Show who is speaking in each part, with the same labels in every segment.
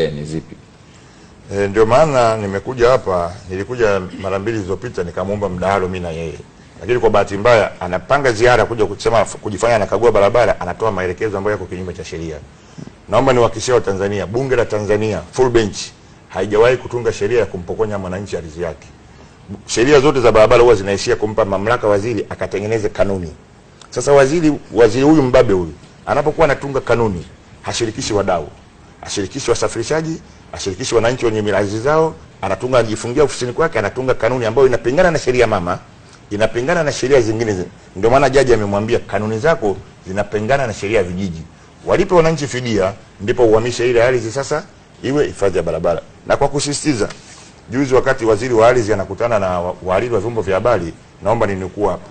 Speaker 1: E, ni zipi?
Speaker 2: E, ndio maana nimekuja hapa, nilikuja mara mbili zilizopita nikamwomba mdahalo mimi na yeye, lakini kwa bahati mbaya anapanga ziara kuja kusema kujifanya anakagua barabara, anatoa maelekezo ambayo yako kinyume cha sheria. Naomba niwahakikishie Watanzania, bunge la Tanzania full bench haijawahi kutunga sheria ya kumpokonya mwananchi ardhi yake. Sheria zote za barabara huwa zinaishia kumpa mamlaka waziri akatengeneze kanuni. Sasa waziri waziri huyu mbabe huyu anapokuwa anatunga kanuni hashirikishi wadau ashirikishi wasafirishaji, ashirikishi wananchi wenye mirazi zao, anatunga, anajifungia ofisini kwake, anatunga kanuni ambayo inapingana na sheria mama, inapingana na sheria zingine. Ndio maana jaji amemwambia kanuni zako zinapingana na sheria ya vijiji, walipe wananchi fidia, ndipo uhamishe ile ardhi sasa iwe hifadhi ya barabara. Na kwa kusisitiza, juzi wakati waziri wa ardhi anakutana na wahariri wa vyombo vya habari, naomba ninukuu hapa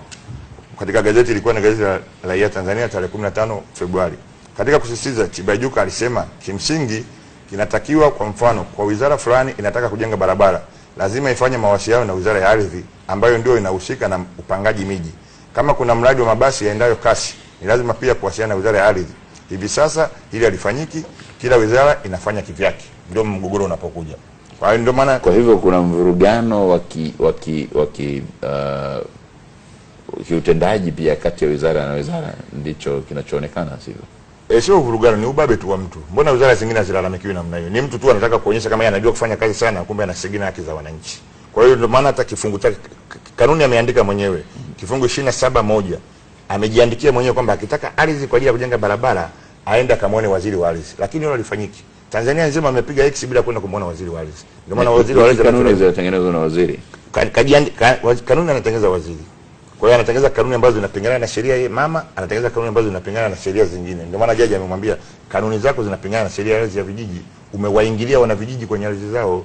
Speaker 2: katika gazeti, ilikuwa ni gazeti la Raia Tanzania tarehe 15 Februari katika kusisitiza, Tibaijuka alisema kimsingi kinatakiwa, kwa mfano, kwa wizara fulani inataka kujenga barabara, lazima ifanye mawasiliano na wizara ya ardhi ambayo ndio inahusika na upangaji miji. Kama kuna mradi wa mabasi yaendayo kasi, ni lazima pia kuwasiliana na wizara ya ardhi. Hivi sasa hili halifanyiki, kila wizara inafanya kivyake, ndio mgogoro unapokuja.
Speaker 1: Kwa hiyo ndio maana, kwa hivyo kuna mvurugano wa ki wa uh, kiutendaji pia kati ya wizara na wizara, ndicho kinachoonekana sivyo?
Speaker 2: E, sio vurugano, ni ubabe tu wa mtu. Mbona wizara zingine hazilalamikiwi namna hiyo? Ni mtu tu anataka kuonyesha kama yeye anajua kufanya kazi sana, kumbe anasegina haki za wananchi. Kwa hiyo ndio maana hata kifungu chake kanuni ameandika mwenyewe kifungu ishirini na saba moja amejiandikia mwenyewe kwamba akitaka ardhi kwa ajili ya kujenga barabara aende akamwone waziri wa ardhi, lakini hilo halifanyiki. Tanzania nzima amepiga X bila kwenda kumwona waziri wa ardhi.
Speaker 1: Ndio maana waziri wa ardhi, kanuni zinatengenezwa na waziri,
Speaker 2: kanuni anatengeneza waziri kwa hiyo anatengeneza kanuni ambazo zinapingana na sheria yeye mama, anatengeneza kanuni ambazo zinapingana na sheria zingine. Ndio maana jaji amemwambia kanuni zako zinapingana na sheria ya ardhi ya vijiji. Umewaingilia wana vijiji kwenye ardhi zao,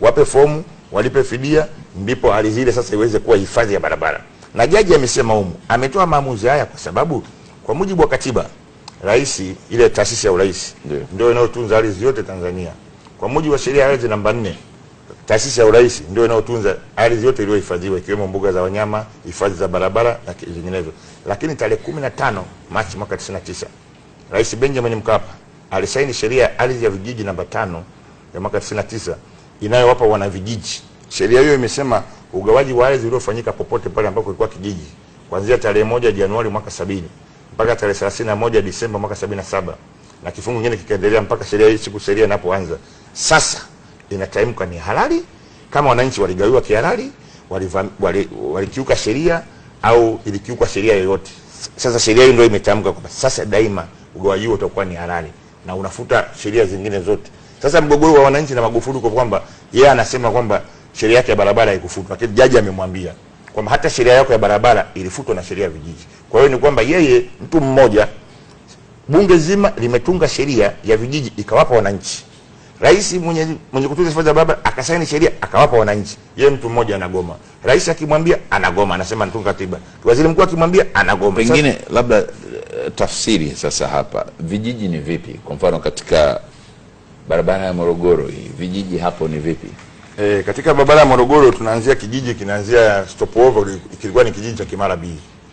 Speaker 2: wape fomu, walipe fidia, ndipo ardhi ile sasa iweze kuwa hifadhi ya barabara. Na jaji amesema humu, ametoa maamuzi haya kwa sababu kwa mujibu wa katiba, rais, ile taasisi ya urais ndio inayotunza ardhi yote Tanzania. Kwa mujibu wa sheria ya ardhi namba 4 Taasisi ya Urais ndio inayotunza ardhi yote iliyohifadhiwa ikiwemo mbuga za wanyama, hifadhi za barabara na vinginevyo. Lakini tarehe 15 Machi mwaka 99 Rais Benjamin Mkapa alisaini sheria ya ardhi ya vijiji namba tano ya mwaka 99 inayowapa wana vijiji. Sheria hiyo imesema ugawaji wa ardhi uliofanyika popote pale ambako ilikuwa kijiji kuanzia tarehe moja Januari mwaka sabini mpaka tarehe moja Disemba mwaka saba na kifungu kingine kikaendelea mpaka sheria hii siku sheria inapoanza sasa inatamkwa ni halali, kama wananchi waligawiwa kihalali, walikiuka wali, wali sheria au ilikiuka sheria yoyote. Sasa sheria hiyo ndio imetamka kwamba sasa daima ugawaji huo utakuwa ni halali na unafuta sheria zingine zote. Sasa mgogoro wa wananchi na Magufuli kwa kwamba yeye anasema kwamba sheria yake ya barabara haikufutwa, lakini jaji amemwambia kwamba hata sheria yako ya barabara ilifutwa na sheria ya vijiji. Kwa hiyo ni kwamba yeye mtu mmoja bunge zima limetunga sheria ya vijiji ikawapa wananchi Rais mwenye mwenye kutunza sifa za baba akasaini sheria akawapa wananchi, yeye mtu mmoja anagoma. Rais akimwambia anagoma, anasema nitunga katiba. Waziri mkuu akimwambia anagoma.
Speaker 1: Pengine sasa, labda eh, tafsiri sasa hapa vijiji ni vipi? Kwa mfano katika barabara ya Morogoro hii vijiji hapo ni vipi?
Speaker 2: E, katika barabara ya Morogoro tunaanzia kijiji kinaanzia stopover, kilikuwa ni kijiji cha Kimara B,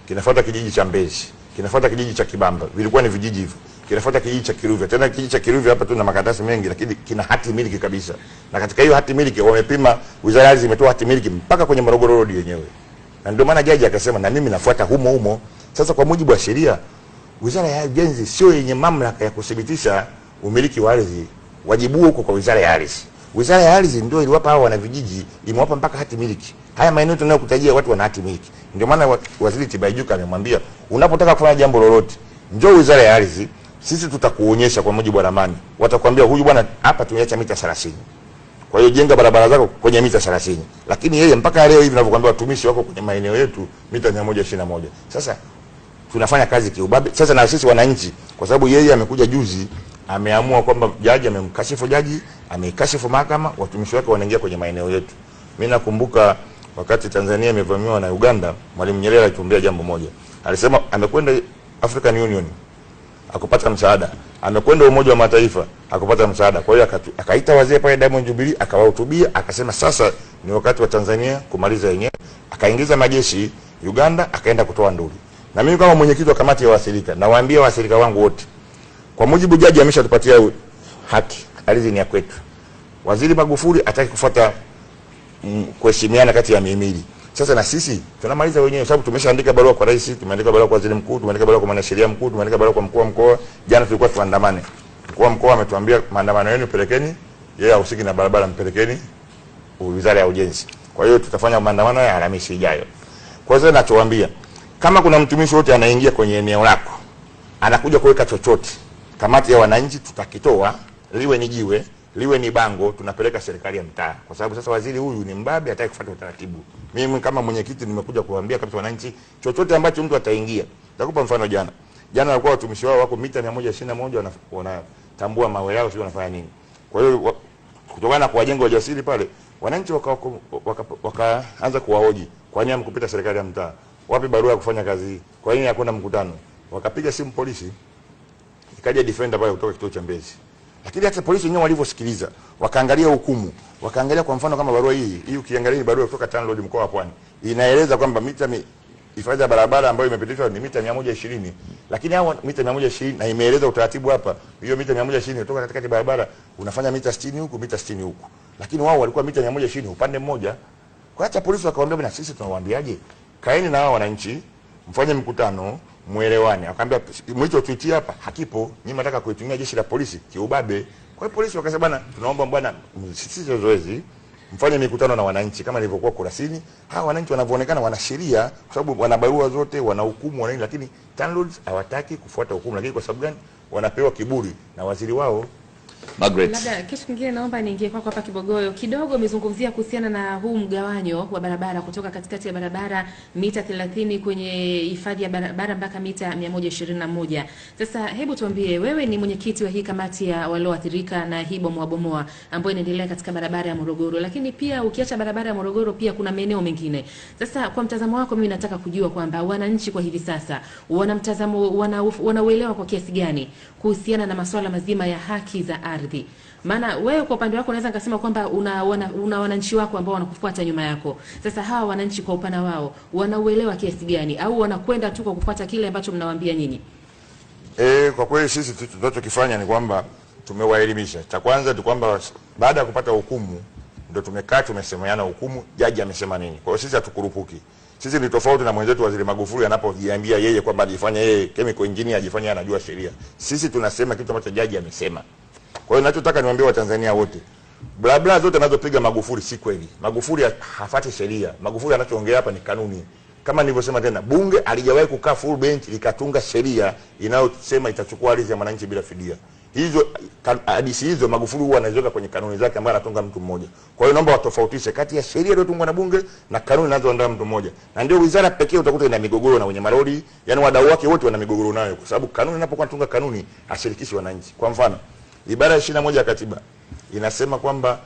Speaker 2: kinafuata kijiji cha Mbezi, kinafuata kijiji cha Kibamba, vilikuwa ni vijiji hivyo kinafuata kijiji cha Kiruvya. Tena kijiji cha Kiruvya hapa tuna makaratasi mengi, lakini kina hati miliki kabisa, na katika hiyo hati miliki wamepima, wizara hizi imetoa hati miliki mpaka kwenye Morogoro Road yenyewe, na ndio maana jaji akasema na mimi nafuata humo humo. Sasa kwa mujibu wa sheria, wizara ya ujenzi sio yenye mamlaka ya kuthibitisha umiliki wa ardhi, wajibu uko kwa wizara ya ardhi. Wizara ya ardhi ndio iliwapa hao wana vijiji, imewapa mpaka hati miliki. Haya maeneo tunayokutajia watu wana hati miliki, ndio maana waziri Tibaijuka amemwambia unapotaka kufanya jambo lolote, njoo wizara ya ardhi sisi tutakuonyesha kwa mujibu wa ramani, watakwambia huyu bwana hapa tumeacha mita 30, kwa hiyo jenga barabara zako kwenye mita 30. Lakini yeye mpaka leo hivi ninavyokuambia, watumishi wako kwenye maeneo yetu mita 121. Sasa tunafanya kazi kiubabe. Sasa na sisi wananchi, kwa sababu yeye amekuja juzi, ameamua kwamba jaji amemkashifu, jaji ameikashifu mahakama, watumishi wake wanaingia kwenye maeneo yetu. Mimi nakumbuka wakati Tanzania imevamiwa na Uganda, Mwalimu Nyerere alituambia jambo moja, alisema amekwenda African Union akupata msaada, amekwenda Umoja wa Mataifa akupata msaada. Kwa hiyo akaita wazee pale Diamond Jubilee akawahutubia, akasema sasa ni wakati wa Tanzania kumaliza yenyewe, akaingiza majeshi Uganda, akaenda kutoa nduru. Na mimi kama mwenyekiti wa kamati ya waathirika, nawaambia waathirika wangu wote, kwa mujibu jaji ameshatupatia haki, ardhi ni ya kwetu. Waziri Magufuli ataki kufuata mm, kuheshimiana kati ya mihimili. Sasa na sisi tunamaliza wenyewe, sababu tumeshaandika barua kwa rais, tumeandika barua kwa waziri mkuu, tumeandika barua kwa mwanasheria mkuu, tumeandika barua kwa mkuu wa mkoa. Jana tulikuwa tuandamane, mkuu wa mkoa ametuambia maandamano yenu pelekeni, yeye yeah, hahusiki na barabara, mpelekeni wizara ya ujenzi. Kwa hiyo tutafanya maandamano ya Alhamisi ijayo. Kwa hiyo nachowaambia, kama kuna mtumishi wote anaingia kwenye eneo lako anakuja kuweka chochote, kamati ya wananchi tutakitoa liwe ni jiwe liwe ni bango tunapeleka serikali ya mtaa, kwa sababu sasa waziri huyu ni mbabe, hataki kufuata utaratibu. Mimi kama mwenyekiti nimekuja kuambia kabisa wananchi, chochote ambacho mtu ataingia. Nitakupa mfano, jana jana walikuwa watumishi wao wako mita 121 wanatambua mawe yao, sio wanafanya nini. Kwa hiyo kutokana na kuwajenga wajasiri pale, wananchi wakaanza waka, waka, waka kuwahoji, kwa nini amkupita serikali ya mtaa? Wapi barua ya kufanya kazi Kwa nini hakuna mkutano? Wakapiga simu polisi, ikaja defender pale kutoka kituo cha Mbezi lakini hata polisi wenyewe walivyosikiliza, wakaangalia hukumu, wakaangalia kwa mfano kama barua hii hii, ukiangalia ni barua kutoka TANROADS mkoa wa Pwani inaeleza kwamba mita mi, hifadhi ya barabara ambayo imepitishwa ni mita 120, lakini hao mita 120 na imeeleza utaratibu hapa, hiyo mita 120 kutoka katika barabara unafanya mita 60 huku mita 60 huku, lakini wao walikuwa mita 120 upande mmoja. Kwa hata polisi wakawaambia, na sisi tunawaambiaje? Kaeni na hao wananchi mfanye mkutano mwelewane Akaambia mwicho tweet hapa hakipo, nyinyi nataka kuitumia jeshi la polisi kiubabe. Kwa hiyo polisi wakasema bwana, tunaomba bwana msisitize zoezi mfanye mikutano na wananchi kama ilivyokuwa Kurasini. Hawa wananchi wanavyoonekana wana sheria, kwa sababu wana barua zote, wana hukumu, wana nini, lakini TANROADS hawataki kufuata hukumu. Lakini kwa sababu gani? Wanapewa kiburi na waziri wao.
Speaker 1: Margaret. Labda
Speaker 3: kitu kingine naomba niingie kwako hapa Kibogoyo. Kidogo umezungumzia kuhusiana na huu mgawanyo wa barabara kutoka katikati ya barabara mita 30 kwenye hifadhi ya barabara mpaka mita 121. Sasa hebu tuambie wewe ni mwenyekiti wa hii kamati ya walioathirika na hii bomoa bomoa ambayo inaendelea katika barabara ya Morogoro. Lakini pia ukiacha barabara ya Morogoro pia kuna maeneo mengine. Sasa kwa mtazamo wako mimi nataka kujua kwamba wananchi kwa hivi sasa wana mtazamo wanauelewa kwa kiasi gani kuhusiana na masuala mazima ya haki za ardhi. Maana wewe kwa upande wako unaweza nikasema kwamba una, una, una wananchi wako ambao wanakufuata nyuma yako. Sasa hawa wananchi kwa upana wao wanauelewa kiasi gani, au wanakwenda tu kwa kufuata kile ambacho mnawaambia nyinyi?
Speaker 2: E, kwa kweli sisi tunachokifanya ni kwamba tumewaelimisha. Cha kwanza ni kwamba baada ya kupata hukumu ndio tumekaa tumesemeana hukumu, jaji amesema nini. Kwa hiyo sisi hatukurupuki. Sisi ni tofauti na mwenzetu Waziri Magufuli anapojiambia yeye kwamba alifanya yeye chemical engineer, ajifanya anajua sheria. Sisi tunasema kitu ambacho jaji amesema. Kwa hiyo ninachotaka niwaambie Watanzania wote, bla bla zote anazopiga Magufuli si kweli. Magufuli hafuati sheria. Magufuli anachoongea hapa ni kanuni. Kama nilivyosema tena, bunge alijawahi kukaa full bench likatunga sheria inayosema itachukua ardhi ya mwananchi bila fidia. Hizo hadithi hizo Magufuli huwa anaziweka kwenye kanuni zake ambazo anatunga mtu mmoja. Kwa hiyo naomba watofautishe kati ya sheria iliyotungwa na bunge na kanuni zinazoandaa mtu mmoja. Na ndio wizara pekee utakuta ina migogoro na wenye malori, yani wadau wake wote wana migogoro nayo kwa sababu kanuni inapokuwa natunga kanuni ashirikishi wananchi. Kwa mfano, Ibara ya ishirini na moja ya katiba inasema kwamba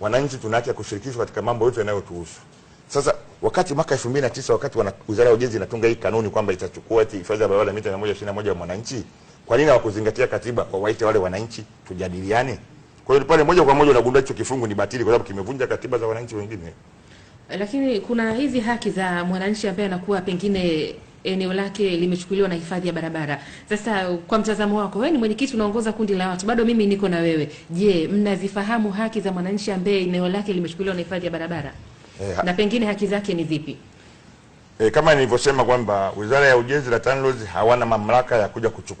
Speaker 2: wananchi tuna haki ya kushirikishwa katika mambo yote yanayotuhusu. Sasa wakati mwaka 2009 wakati wana Wizara ya Ujenzi inatunga hii kanuni kwamba itachukua eti hifadhi ya barabara mita 121 ya mwananchi, kwa nini hawakuzingatia katiba, wawaite wale wananchi tujadiliane? Kwa hiyo pale moja kwa moja unagundua hicho kifungu ni batili, kwa sababu kimevunja katiba za wananchi wengine.
Speaker 3: Lakini kuna hizi haki za mwananchi ambaye anakuwa pengine eneo lake limechukuliwa na hifadhi ya barabara. Sasa kwa mtazamo wako, wewe ni mwenyekiti, unaongoza kundi la watu, bado mimi niko na wewe. Je, mnazifahamu haki za mwananchi ambaye eneo lake limechukuliwa na hifadhi ya barabara eh, na pengine haki zake ni zipi?
Speaker 2: Eh, kama nilivyosema kwamba Wizara ya Ujenzi na TANROADS hawana mamlaka ya kuja kuchukua